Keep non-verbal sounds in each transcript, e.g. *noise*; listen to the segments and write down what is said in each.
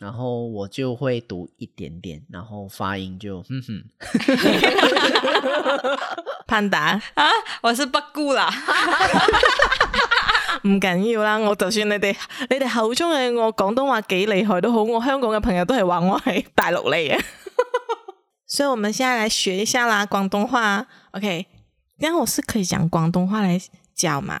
然後我就會讀一點點，然後發音就，哼、嗯、哼，哈哈哈哈哈哈！潘達 *laughs* 啊，我是不孤啦，哈哈哈哈哈！唔緊要啦，我就算你哋，你哋口中嘅我廣東話幾厲害都好，我香港嘅朋友都係玩我喺大陸嚟嘅。 *laughs* 所以我們現在來學一下啦，廣東話、啊，OK？因為我是可以講廣東話來教嘛。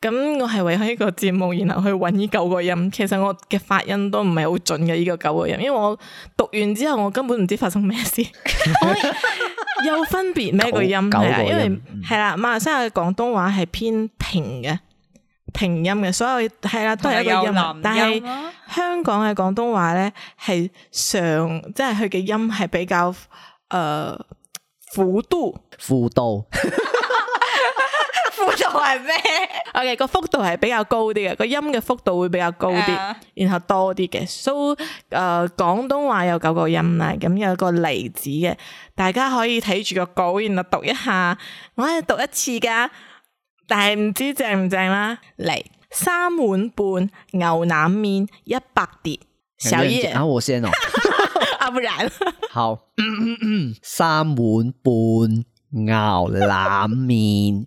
咁我係為咗呢個節目，然後去揾呢九個音。其實我嘅發音都唔係好準嘅呢、這個九個音，因為我讀完之後，我根本唔知發生咩事。 *laughs* *laughs* *laughs* 有分別咩個音,個音、啊、因為係啦、嗯啊，馬來西亞嘅廣東話係偏平嘅，平音嘅，所以係啦，都係一個音。音啊、但係香港嘅廣東話呢，係上即係佢嘅音係比較誒幅、呃、度，幅度。 *laughs* 幅度係咩？OK，個幅度係比較高啲嘅，個音嘅幅度會比較高啲，然後多啲嘅。So，誒，廣東話有九個音啦，咁有一個例子嘅，大家可以睇住個稿，然後讀一下。我係讀一次噶，但係唔知正唔正啦。嚟三碗半牛腩麵一百碟，小頁啊，我先哦，阿不然好，三碗半牛腩麵。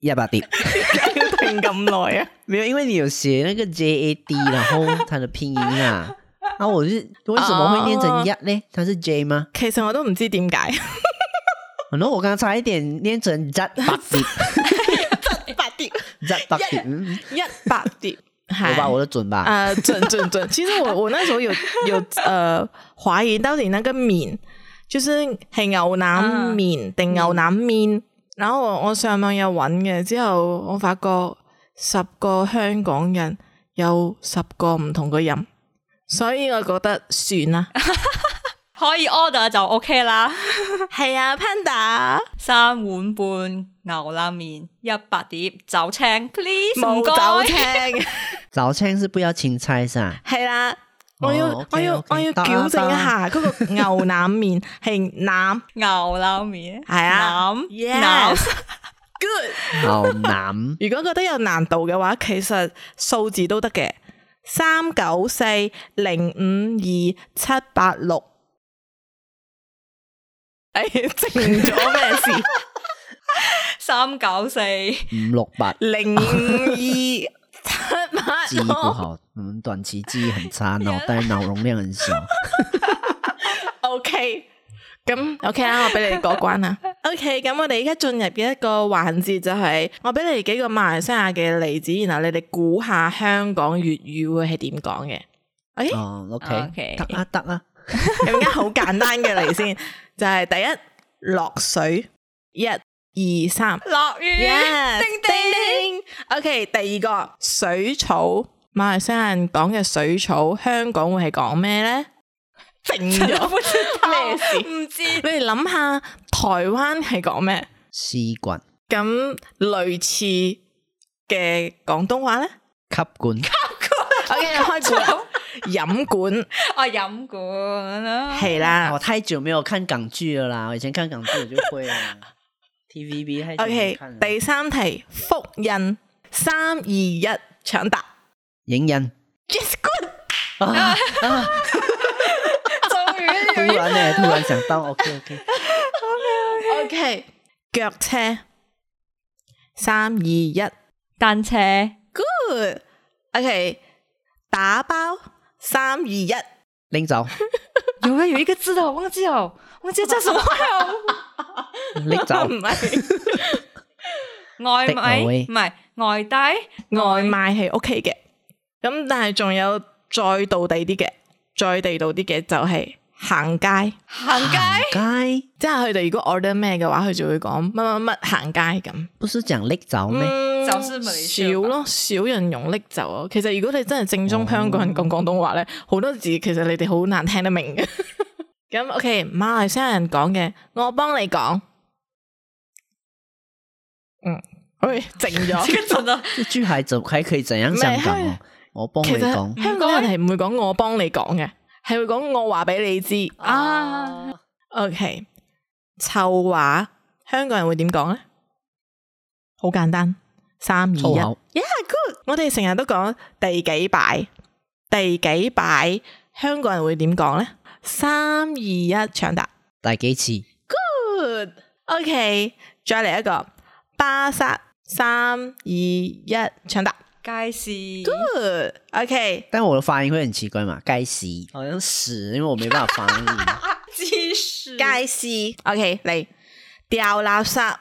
一百 D，要 *laughs* 停咁耐啊？沒有，因為你有寫那個 JAD，然後它的拼音啊，然 *laughs* 後、啊、我就為什麼會念成一呢？它是 J 嗎？其實我都唔知點解。嗱、 *laughs* oh，no, 我剛差一點念成一百 D，百 D，一八百 D，地 *laughs* 一八百 D，地 *laughs* 我把我的準吧。啊、uh,，準準準，其實我我那時候有有誒懷、呃、疑到底那個麵，就是係牛腩麵定牛腩麵。嗯嗯嗱、no, 我我上網又揾嘅之後我發覺十個香港人有十個唔同嘅人所以我覺得算啦， *laughs* 可以 order 就 OK 啦。係 *laughs* 啊，Panda *laughs* 三碗半牛腩麵一百碟走青 please 唔該。走青 *laughs* *laughs* 是不要青菜晒？係啦、啊。我要我要我要矯正一下，嗰個牛腩麵係腩牛腩麵，係啊，腩，good 牛腩。如果覺得有難度嘅話，其實數字都得嘅，三九四零五二七八六。哎呀，整咗咩事？三九四五六八零五二。記憶不好， *laughs* 嗯，短期記憶很差，腦，但腦容量很小、 *laughs* okay。OK，咁 OK 啦，我俾你過關啦。OK，咁我哋而家進入嘅一個環節就係、是，我俾你幾個馬來西亞嘅例子，然後你哋估下香港粵語會係點講嘅？誒，OK，OK，得啊得啊，咁而家好簡單嘅嚟，先，就係、是、第一落水一。Yeah. 二三落雨，叮叮叮。OK，第二個水草，馬來西亞人講嘅水草，香港會係講咩咧？靜咗，唔知咩事，唔知。你哋諗下，台灣係講咩？絲棍。咁類似嘅廣東話咧？吸管。吸管。OK，開始。飲管。哦，飲管。係啦，我太久沒有看港劇啦。我以前看港劇，我就會啊。TVB O、okay, K，第三題複印，三二一，搶答，影印，Just、yes, good，終、啊、於，突然咧，突然上刀，O K O K，O K O K，腳車，三二一，單車，Good，O、okay, K，打包，三二一，拎走，有冇有一個字哦？忘記哦，忘記叫什麼了。拎走唔係外賣，唔係外帶外賣係 OK 嘅。咁但係仲有再地道啲嘅，再地道啲嘅就係行街行街，即係佢哋如果 order 咩嘅話，佢就會講乜乜乜行街咁。不是講拎走咩？少咯，少人用拎走。其實如果你真係正宗香港人講廣東話咧，好多字其實你哋好難聽得明嘅。咁 OK，馬來西亞人講嘅，我幫你講。嗯，喂、哎，靜咗，自己做啦。主要係做睇佢怎樣講。我幫你講。香港人係唔會講我幫你講嘅，係會講我話俾你知。啊，OK，臭話，香港人會點講咧？好簡單，三二一，Yeah, good。Yeah, good. 我哋成日都講第幾擺，第幾擺，香港人會點講咧？三二一，搶答，第幾次？Good，OK，okay. 再嚟一個，巴剎，三二一，搶答，街市，Good，OK，okay. 但我的發音會很奇怪嘛？街市，好像屎，因為我冇辦法翻譯， *laughs* 街市，OK，嚟，掉垃圾，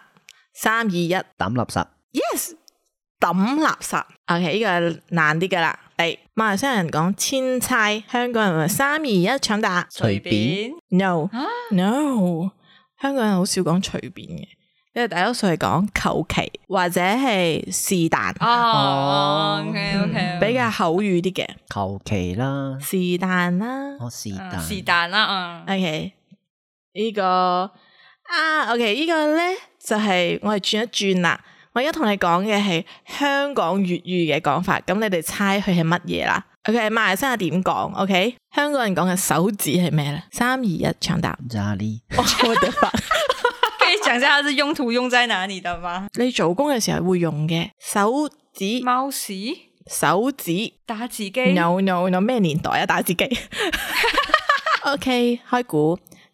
三二一，抌垃圾，Yes，抌垃圾，OK，呢個係難啲㗎喇。誒、哎，馬來西亞人講千差，香港人話三二一搶答，隨便。No，no，no，香港人好少講隨便嘅，因為大多數係講求其或者係是但哦，哦，嗯，OK OK，比較口語啲嘅求其啦，是但啦，是但，是但啦，嗯 OK 呢個啊，OK，呢個咧就係我哋轉一轉啦。Uh, okay，這個啊 okay, 我而家同你講嘅係香港粵語嘅講法，咁你哋猜佢係乜嘢啦？OK，馬來西亞點講？OK，香港人講嘅手指係咩咧？三二一，搶答！哦！我的媽！可以講下佢用途用在哪裡的嗎？你做工嘅時候會用嘅手指？貓屎？手指？打字機？No No No，咩年代啊？打字機 *laughs* ？OK，開估。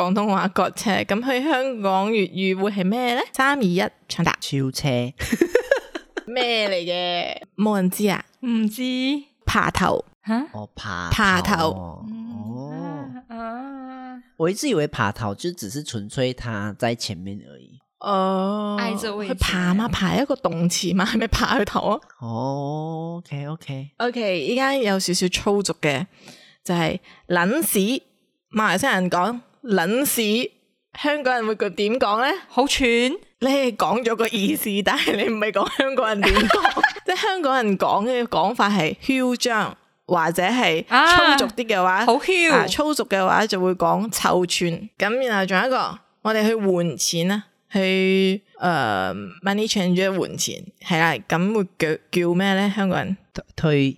廣東話割車，咁去香港粵語會係咩咧？三二一，唱答超車，咩嚟嘅？冇人知啊？唔知爬頭啊？哦爬爬頭，爬頭、嗯、哦啊、哦！我一直以為爬頭就只是純粹它在前面而已哦，挨住位爬嘛？爬一個動詞嘛，係咪爬佢頭啊？哦，OK OK OK，依家有少少粗俗嘅，就係、是、撚屎，馬來西亞人講。捻屎！香港人會講點講咧？好串，你係講咗個意思，但係你唔係講香港人點講， *laughs* 即係香港人講嘅講法係囂張，或者係粗俗啲嘅話，啊、好囂、啊，粗俗嘅話就會講臭串。咁然後仲有一個，我哋去換錢啊，去誒、呃、money change 換錢係啦，咁會叫叫咩咧？香港人退。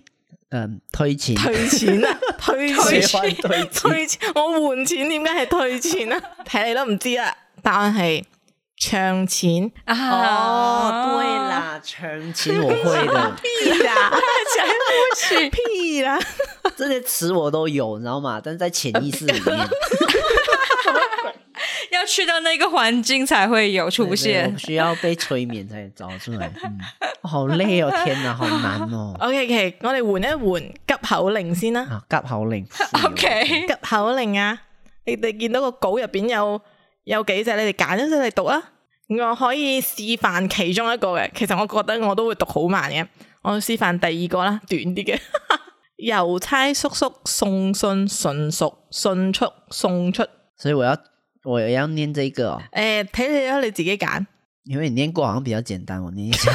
誒、嗯，退錢？退錢啊！退錢！退錢，錢！我換錢，點解係退錢啊？睇你都唔知長啊！答案係唱錢哦，對啦，唱、啊、錢我會啦，屁、啊、啦，全部是屁啦！這些詞我都有，你知道嘛？但是在潛意識裏面。啊要去到呢個環境才會有出現，需要被催眠才找出來、 *laughs* 嗯，好累哦，天啊，好難哦。OK，OK，okay, okay, 我哋換一換急口令先啦，啊啊。急口令，OK，急口令啊！你哋見到個稿入邊有有幾隻？你哋揀一隻嚟讀啦。我可以示範其中一個嘅，其實我覺得我都會讀好慢嘅。我示範第二個啦，短啲嘅，郵差叔叔送信純熟迅速送出，所以我要。我又要念這個、哦，誒、欸，睇你咯，你自己揀，因為你念過，好像比較簡單，我念一下。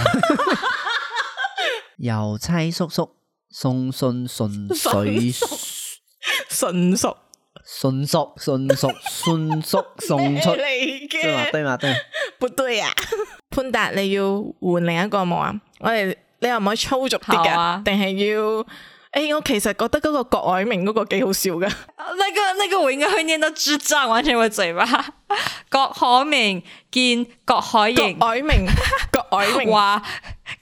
郵差叔叔送信，順水，順索順索順索順索送出 *laughs* 你嘅，對嘛對嘛對，不對啊？潘達你要換另一個冇啊？我哋你可唔可以粗俗啲㗎？定係要？誒，我其實覺得嗰個郭海明嗰個幾好笑噶，呢個呢個我應該會念到支脹，完全我嘴巴。郭可明見郭海明，郭海明，郭海明話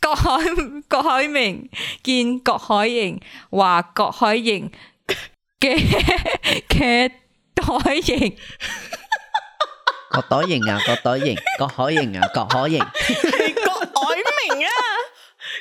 郭海郭海明見郭海明話郭海明嘅嘅代型，郭代型啊，郭代型，郭海型啊，郭海型，郭海明啊。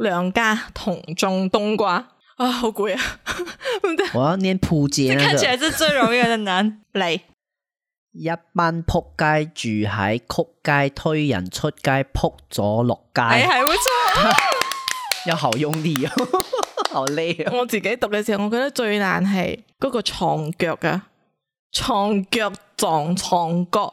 兩家同種冬瓜啊，好攰啊！ *laughs* 我要念普你看起來是最容易的難嚟，一班扑街住喺曲街，推人出街扑咗落街，係係冇錯。要好用力啊！ *laughs* 好叻啊！我自己讀嘅時候，我覺得最難係嗰個床腳噶、啊，床腳撞床角。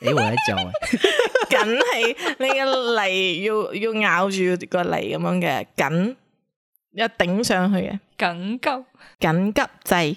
*laughs* *laughs* 你為咩做？緊係你個脷要咬住個脷咁樣嘅緊，要頂上去嘅緊急緊急掣。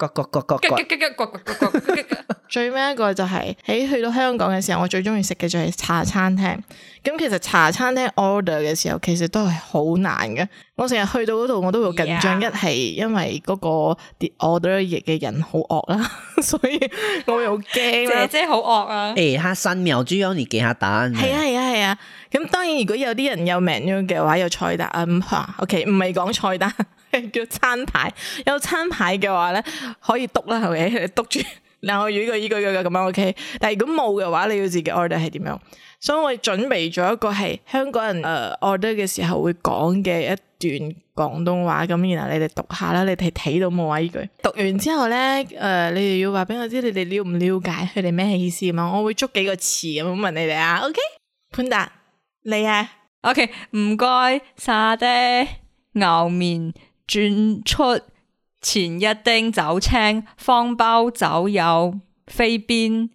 各各各各各，最尾一個就係喺去到香港嘅時候，我最中意食嘅就係茶餐廳。咁其實茶餐廳 order 嘅時候，其實都係好難嘅。我成日去到嗰度，我都會緊張。Yeah. 一係因為嗰個 order 嘅人好惡啦，所以我又驚。姐姐好惡啊！誒、哎，下三秒就要你幾下蛋案。係啊係啊係啊！咁當然如果有啲人有 menu 嘅話，有菜單啊。唔、嗯、吓，OK，唔係講菜單，叫餐牌。有餐牌嘅話咧。可以督啦，係咪？你督住兩個語佢依句嘅咁樣 OK。但係如果冇嘅話，你要自己 order 係點樣？所以我準備咗一個係香港人誒 order 嘅時候會講嘅一段廣東話咁，然後你哋讀下啦。你哋睇到冇啊？依句讀完之後咧，誒、呃，你哋要話俾我知你哋了唔了解佢哋咩意思嘛？我會捉幾個詞咁問你哋，OK？啊。OK，潘達，你啊，OK，唔該，沙爹牛麵轉出，前一丁走青，方包走油，飛邊。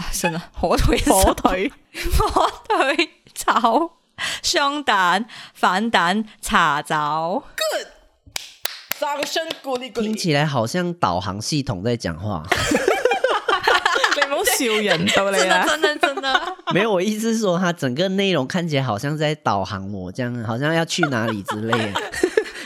啊，信火腿火腿火腿走，雙蛋反蛋茶走。Good，掌聲鼓勵鼓勵。聽起來好像導航系統在講話。 *laughs* *laughs* 你唔好笑人到你啊！ *laughs* 真啊真啊！沒有，我意思係說，佢整個內容看起來好像在導航我，這樣，好像要去哪裏之類的。 *laughs*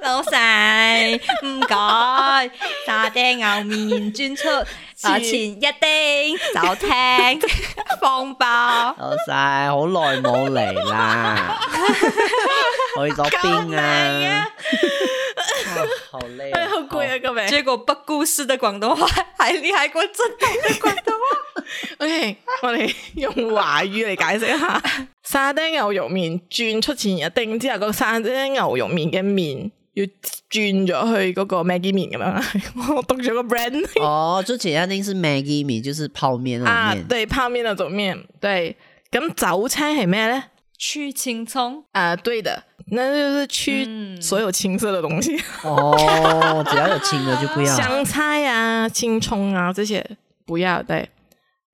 老細唔該，沙爹牛肉麵轉出前一丁就聽放爆。老細好耐冇嚟啦，來了 *laughs* 去咗邊啊？好累，啊 *laughs* 哎，好攰啊！個、哎、咩？這個、啊哦、不故事的廣東話，還 *laughs* 厲害過真的廣東話。ok 我哋用華語嚟解釋一下，沙爹牛肉麵轉出前一丁之後，個沙爹牛肉麵嘅麵就轉咗去嗰個 Maggie Mee 咁樣， *laughs* 我讀咗個 brand、oh。哦，就簡壓簡單定是 Maggie Mee，就是泡麵啊。啊，對，泡麵那種麵。對，咁早餐係咩咧？去青蔥。啊、uh，對的，那就是去、嗯、所有青色的東西。哦、oh, *laughs* 只要有青嘅就不要。香菜啊，青蔥啊，這些不要。對，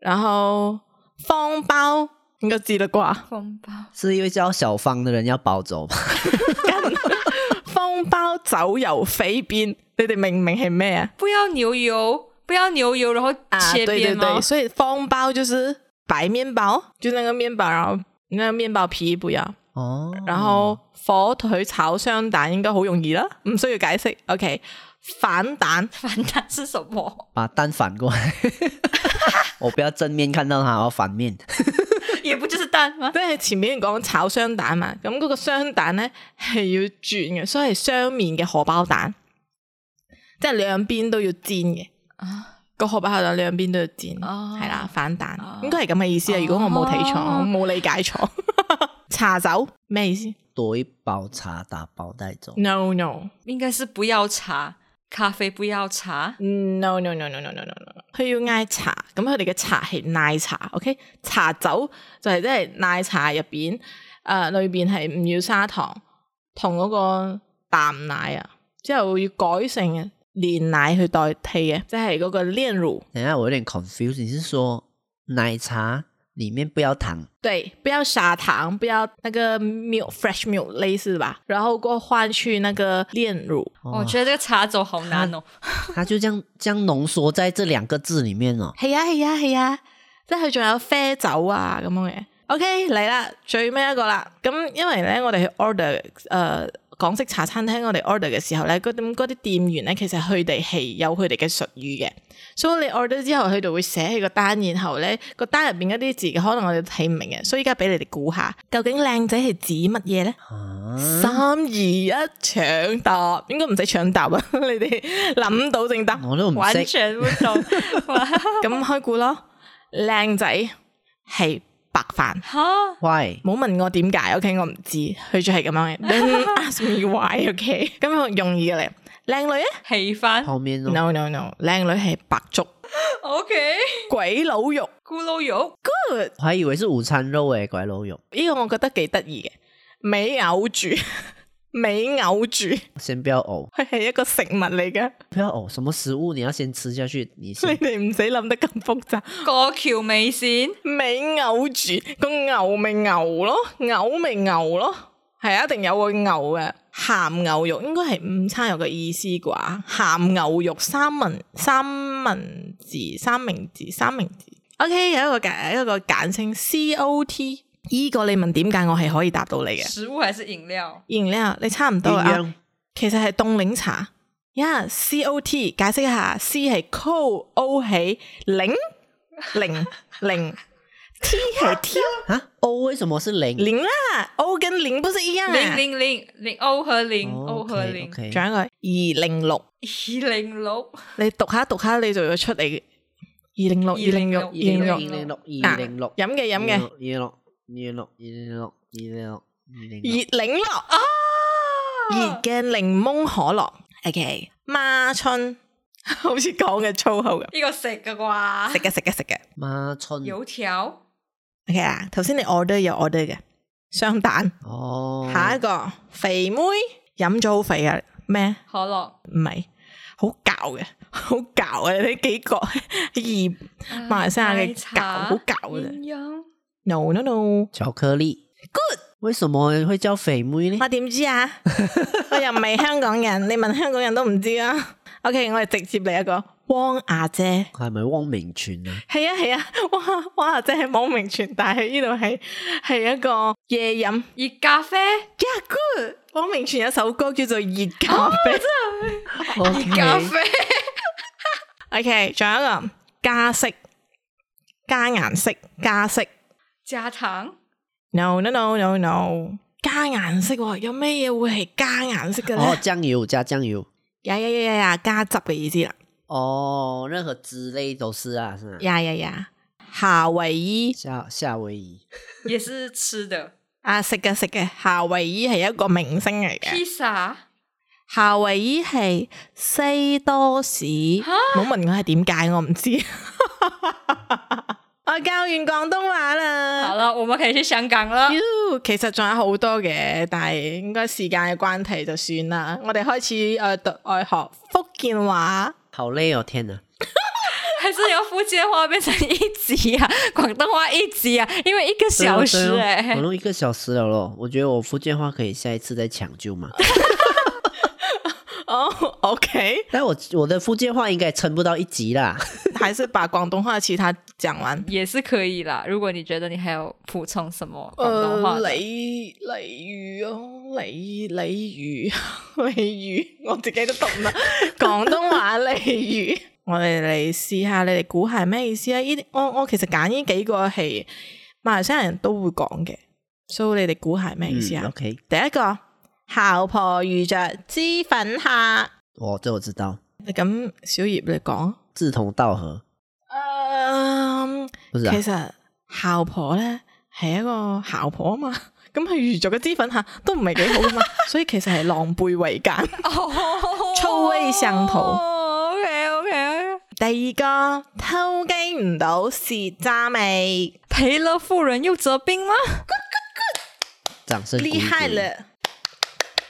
然後方包，應該記得掛。方包，是因為叫小方的人要包走。 *laughs* *laughs* 方包走油飛邊，你哋明明係咩啊？不要牛油，不要牛油，然後切邊嗎，啊，對對對？所以方包就是白麵包，就那個麵包，然後那個麵包皮不要。哦。然後火腿炒雙蛋應該好容易啦，唔需要解釋。OK，反蛋，反蛋是什麼？把蛋反過來， *laughs* *laughs* 我不要正面看到它，我要反面。 *laughs* 即係前面講炒雙蛋嘛，咁嗰個雙蛋咧係要轉嘅，所以雙面嘅荷包蛋，即係兩邊都要煎嘅，個、啊、荷包蛋兩邊都要煎，係、啊、啦，反蛋、啊、應該係咁嘅意思啊。如果我冇睇錯，我冇、啊、理解錯，啊、 *laughs* 茶酒？咩意思？多一包茶打包帶走？No no，應該是不要茶。咖啡不要茶。no no no no no no no no，佢要嗌茶，咁佢哋嘅茶係奶茶，OK？茶走就係即係奶茶入邊，誒、呃，裏邊係唔要砂糖，同嗰個淡奶啊，之後要改成煉奶去代替嘅，即係嗰個煉乳。等下我有點 confusing，是說奶茶？裏面不要糖，對，不要砂糖，不要那個 milk fresh milk 類似吧，然後過換去那個煉乳。哦哦。我覺得這個茶走好難哦，它，它就這樣這樣濃縮在這兩個字裏面哦。係啊係啊係啊，即係佢仲有啡走啊咁樣嘅。OK，嚟啦，最尾一個啦。咁因為咧，我哋去 order 呃。港式茶餐廳，我哋 order 嘅時候咧，嗰啲咁啲店員咧，其實佢哋係有佢哋嘅術語嘅。所以你 order 之後，佢哋會寫起個單，然後咧個單入邊嗰啲字，可能我哋都睇唔明嘅。所以而家俾你哋估下，究竟靚仔係指乜嘢咧？三二一搶答，應該唔使搶答啊！ *laughs* 你哋諗到正答，我都唔識。咁 *laughs* *laughs* 開估咯，靚仔係。白飯，吓？Why？冇問我點解？OK，我唔知，佢就係咁樣嘅。Don't ask me why，OK？咁好容易嘅咧，靚女啊？氣飯後面 no no no，靚女係白粥，OK？鬼佬肉，咕嚕肉，good。我以為是午餐肉誒，鬼佬肉。呢個我覺得幾得意嘅，未咬住。沒牛住，先不要嘔，佢係一個食物嚟嘅。不要嘔，什麼食物你要先吃下去。你你哋唔使諗得咁複雜。 *laughs* 過橋米線，尾牛住，個牛咪牛咯，嘔咪嘔咯，係、啊、一定有個牛嘅。鹹牛肉應該係午餐肉嘅意思啩？鹹牛肉三文三文治、三明治、三明治。OK，有一個簡一個簡稱 COT。呢個你問點解我係可以答到你嘅？食物還是飲料？飲料你差唔多啊。其實係凍檸茶。呀，C O T 解釋一下，C 係 Cool，O 係零零零，T 係 T，O 為什麼是零？零啊，O 跟零不是一樣。零零零零 O 和零 O 和零，仲有一個二零六。二零六，你讀下讀下，你就要出嚟。二零六二零六二零六二零六二零六，飲嘅飲嘅熱檸樂啊！熱嘅檸檬可樂。O K，孖春，好似講嘅粗口咁。呢、這個食嘅啩？食嘅食嘅食嘅。孖春。油條。O K 啦，頭先你 order 有 order 嘅雙蛋。哦。下一個肥妹，飲咗好肥呀咩？可樂。唔係，好搞嘅，好搞嘅。你幾個二 *laughs* 馬來西亞嘅搞，好搞嘅。no no no，巧克力 good，為什麼會叫肥妹咧？我點知啊？我又唔係香港人，你問香港人都唔知啊。OK，我哋直接嚟一個汪阿姐，係咪汪明荃啊？係啊係啊，哇汪阿姐係汪明荃，但係呢度係係一個夜飲熱咖啡，yeah good，汪明荃有首歌叫做熱咖啡，真係熱咖啡。OK，仲有一個加色加顏色加色。加糖？No no no no no！加顏色喎，哦，有咩嘢會係加顏色嘅哦，醬油加醬油。呀呀呀呀呀，yeah, yeah, yeah, yeah, 加汁嘅意思啦。哦，任何汁類都是啊，是嘛？呀呀呀，夏威夷夏夏威夷也是吃的。啊食嘅食嘅，夏威夷係一個明星嚟嘅。披薩，夏威夷係西多士。唔，huh? 好，問我係點解，我唔知。 *laughs* 教完廣東話啦，好啦，我們可以去香港啦。其實仲有好多嘅，但係應該時間嘅關係就算啦。我哋開始誒、呃呃，學福建話，好累哦！天啊， *laughs* 還是由福建話變成一級啊，廣、啊、東話一集啊，因為一個小時誒，講到、哦哦、一個小時咯咯，我覺得我福建話可以下一次再搶救嘛。 *laughs* 哦、oh,，OK，但我我的福建話應該撐不到一集啦， *laughs* 還是把廣東話其他講完 *laughs* 也是可以啦。如果你覺得你還有補充什麼廣東話的，鯉鯉魚哦，鯉鯉魚，鯉魚我自己都懂唔啦，廣 *laughs* 東話鯉魚。 *laughs* 我哋嚟試下，你哋估係咩意思啊？我我其實揀呢幾個係馬來西亞人都會講嘅，所以你哋估係咩意思啊、嗯、？OK，第一個。姣婆遇着脂粉客，我、哦、這我知道。咁小葉你講，志同道合。Um, 啊、其實姣婆呢，係一個姣婆啊嘛，咁佢遇着嘅脂粉客都唔係幾好噶嘛， *laughs* 所以其實係狼狽為奸，臭 *laughs* 味 *laughs* 相投。O K O K，第二個偷雞唔到蝕渣米，賠了夫人又折兵嗎？Good, good, good. 掌聲，厲害了！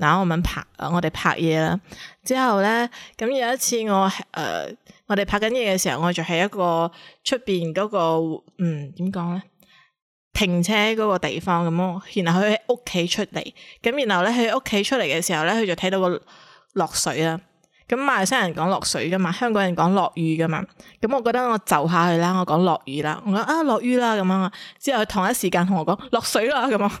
嗱、啊，我問拍，啊、我哋拍嘢啦。之後呢，咁有一次我，誒、呃，我哋拍緊嘢嘅時候，我就喺一個出邊嗰個，嗯，點講呢？停車嗰個地方咁，然後佢喺屋企出嚟，咁然後咧喺屋企出嚟嘅時候呢，佢就睇到個落水啊。咁馬來西亞人講落水噶嘛，香港人講落雨噶嘛。咁我覺得我走下去啦，我講落雨啦，我講啊落雨啦咁啊。之後佢同一時間同我講落水啦咁啊。